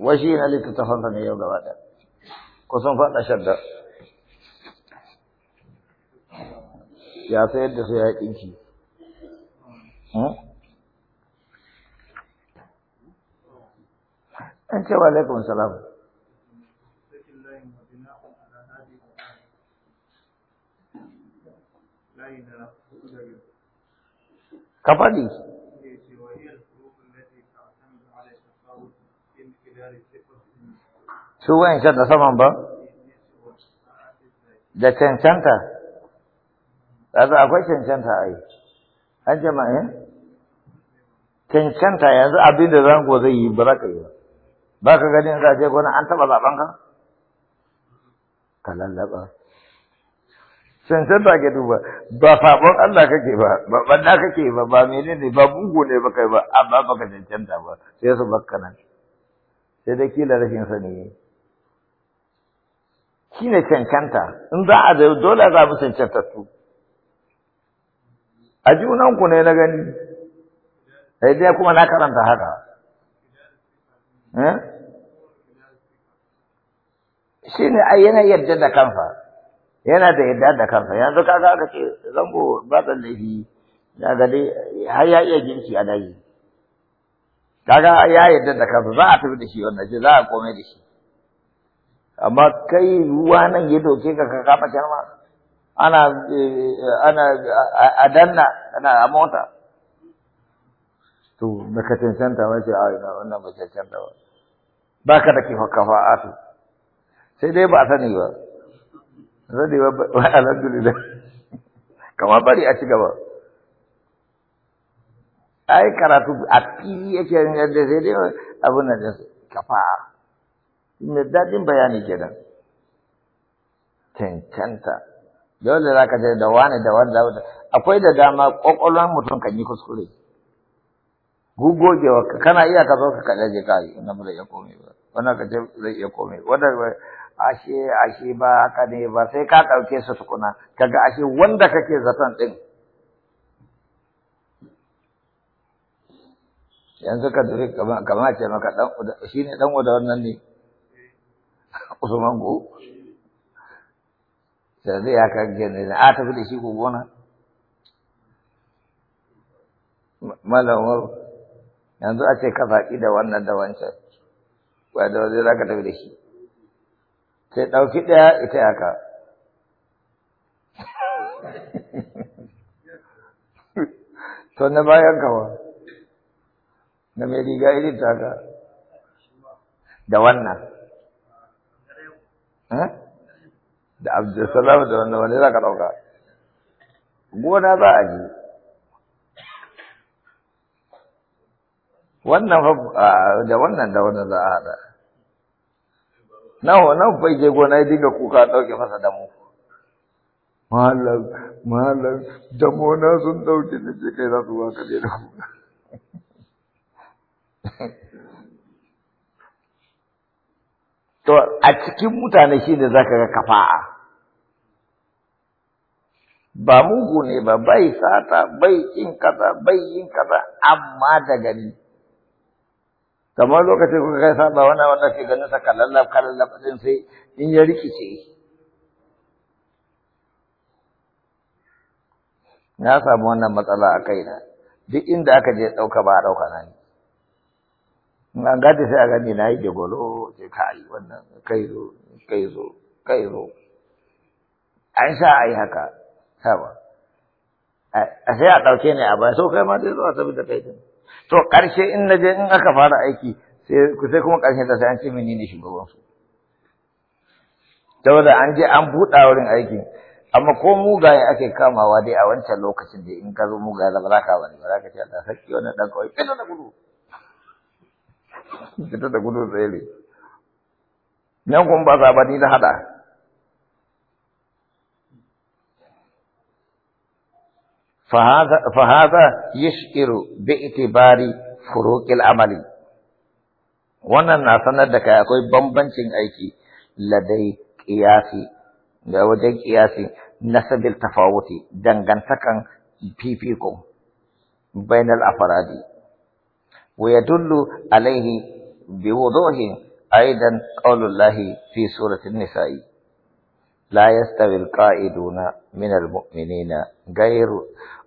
Wasi na ta da ne yau gaba ɗaya kusan faɗa shadda ya sayar da su ya ƙinki hmm? an ce wa alaikun salam ka faɗi su wayancan da saman ba da cancanta yanzu akwai cancanta a yi an jama'a eh? cancanta yanzu abinda zango zai yi ba za ka yi ba ka ganin za je gona an taɓa zaɓen ka ka lallaba cancanta ke duba ba faɓon Allah kake ba ba ɓanna kake ba ba menene ba bugu ne ba kai ba amma ka cancanta ba sai su bakka nan sai dai kila rashin sani ne shi ne cancanta in za a zai dole za mu cancantattu a junanku ne na gani sai dai kuma na karanta haka eh? shi ne a yana yarda da kansa yana da yarda da kansa yanzu kaga aka ce zango ba da laifi ya ga dai har ya iya girki a daji kaga ya yadda da kansa za a tafi da shi wannan shi za a komai da shi amma kai ruwa nan ya doke ka ka kafa sharma ana eh, ana a danna ana a mota to ka cancanta ba ce a wannan ba cancanta ba Ba ka da kifa kafa a to sai dai ba a sani ba zai ba alhamdulillah kamar bari a ci gaba ai karatu a fili yake yadda zai dai abin da kafa inda dadin bayani kenan cancanta dole za ka je da wani da wanda akwai da dama ƙwaƙwalwar mutum kan yi kuskure gugogewa kana iya ka zo ka kaɗa je ka yi wannan zai iya komai ba wannan ka ce zai iya komai wanda ashe ashe ba haka ne ba sai ka ɗauke su tukuna kaga ashe wanda kake zaton ɗin yanzu ka dubi kama ce maka dan shi ne dan wada wannan ne Usman go sai zai ya kan gane a tafi da shi ko gona malam yanzu a ce ka faɗi da wannan da wancan ba da wanzu za ka tafi da shi sai ɗauki ɗaya ita haka to na bayan kawa da mai riga irin taka da wannan eh? da abdulsalam da wannan wani za ka ɗauka gona za a je wannan da wannan da wannan za a haɗa nawa nan fai je gona ya dinga kuka ɗauke masa damu malam malam damo na sun ɗauke na, ce kai za su ba ka je da kuka To a cikin mutane shi ne za ka ga kafa'a. Ba mugu ne ba, bai sata, bai yin kaza, bai yin kaza, amma da gani. Kamar lokacin kuka kai saba wani wanda ke ganin sa kalallaf kalallaf ɗin sai in ya rikice. Na samu wannan matsala a kaina, duk inda aka je ɗauka ba a ɗauka na ne. Na gata sai a gani na yi jagwalo ce kai wannan kai zo kai zo kai zo an sha a yi haka sama a sai a ɗauke ne a baya so kai ma dai a sabi da kai to ƙarshe in na je in aka fara aiki sai kuma ƙarshe ta sai an ce mini ne shugabansu saboda an je an buɗa wurin aikin amma ko mugaye ake kamawa dai a wancan lokacin da in ka zo mugaye ba za ka wani ba za ka ce Allah sarki wani ɗan kawai ɗan da gudu fita da gudun ne nan kuma ba zabani da hada fahaza yashiru bi itibari furuqil amali wannan na sanar da kai akwai bambancin aiki ladai qiyasi da wajen qiyasi nasabil tafawuti dangantakan fifiko bainal afradi ويدل alaihi. بوضوح أيضا قول الله في سورة النساء لا يستوي القائدون من المؤمنين غير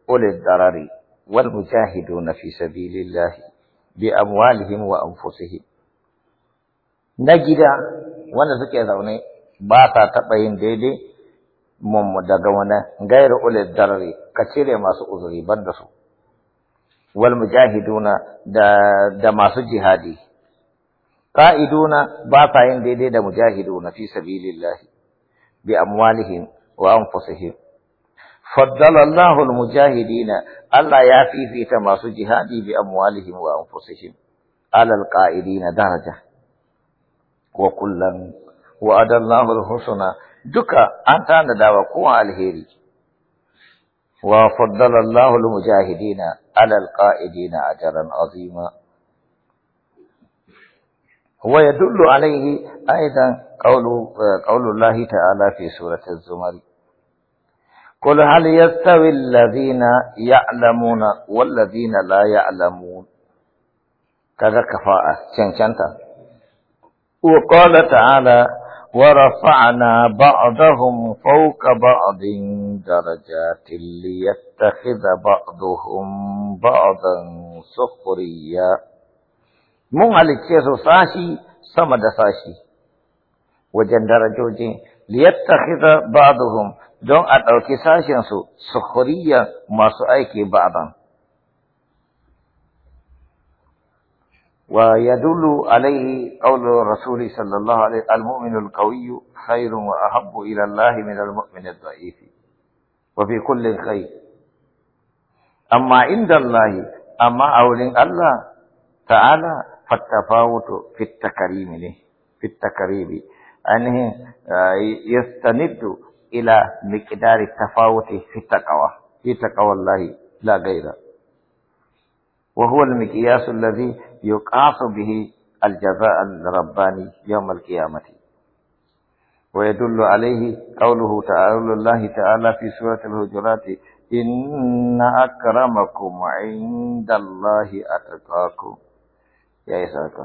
أولي الضرر والمجاهدون في سبيل الله بأموالهم وأنفسهم نجد وانا سكي ذوني باتا تبين ديدي مم غير أولي الضرر كثير ما سؤذري بندسو والمجاهدون دا, دا ما سجهادي قائدون بافعين دي دي مجاهدون في سبيل الله بأموالهم وأنفسهم فضل الله المجاهدين الله يافي في تماس جهادي بأموالهم وأنفسهم على القائدين درجة وكلا وأدى الله الحسنى دكا أنت أنا دعوة قوة الهيري وفضل الله المجاهدين على القائدين أجرا عظيما ويدل عليه أيضا قول, قول الله تعالى في سورة الزمر قل هل يستوي الذين يعلمون والذين لا يعلمون كذا كفاءة شنشنتا وقال تعالى ورفعنا بعضهم فوق بعض درجات ليتخذ بعضهم بعضا سخريا مو مالك كيسو ساشي سمد ساشي وجن درجو جين ليتخذ بعضهم دون اتو كيساشن سو سخورية ما سو بعضا ويدل عليه قول الرسول صلى الله عليه وسلم المؤمن القوي خير واحب الى الله من المؤمن الضعيف وفي كل خير اما عند الله اما اولين الله تعالى فالتفاوت في التكريم له في التكريم يعني، أنه يستند إلى مقدار التفاوت في التقوى في تقوى الله لا غير وهو المقياس الذي يقاس به الجزاء الرباني يوم القيامة ويدل عليه قوله تعالى الله تعالى في سورة الهجرات إن أكرمكم عند الله أتقاكم ya yi saka